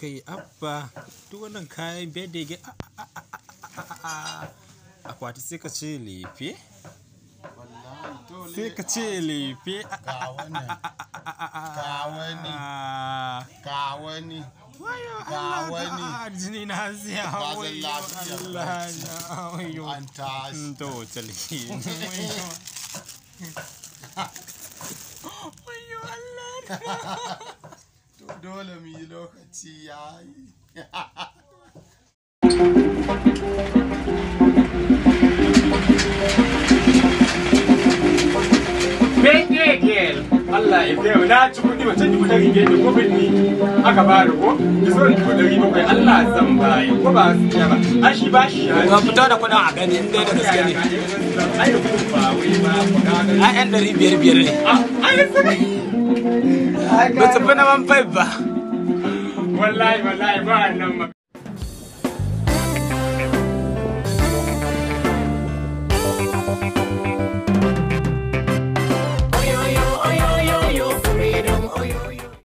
Kai abba duk wannan kayan bedege akwati sai ka ce lefe sai ka ce lefe kawani kawani kawani jini na siya Allah na hawaii an tashi to wayo Allah dole mu yi lokaci ya yi Allah ya fiye na ci mace rige da aka ba da ko da sauran rige kai Allah zan ko ba su ba an shi ba shi ya fito da kuɗin a gani in dai da gaske ne ai ba wai ba ne ah, ai ba fi na man ba wallahi wallahi ba nan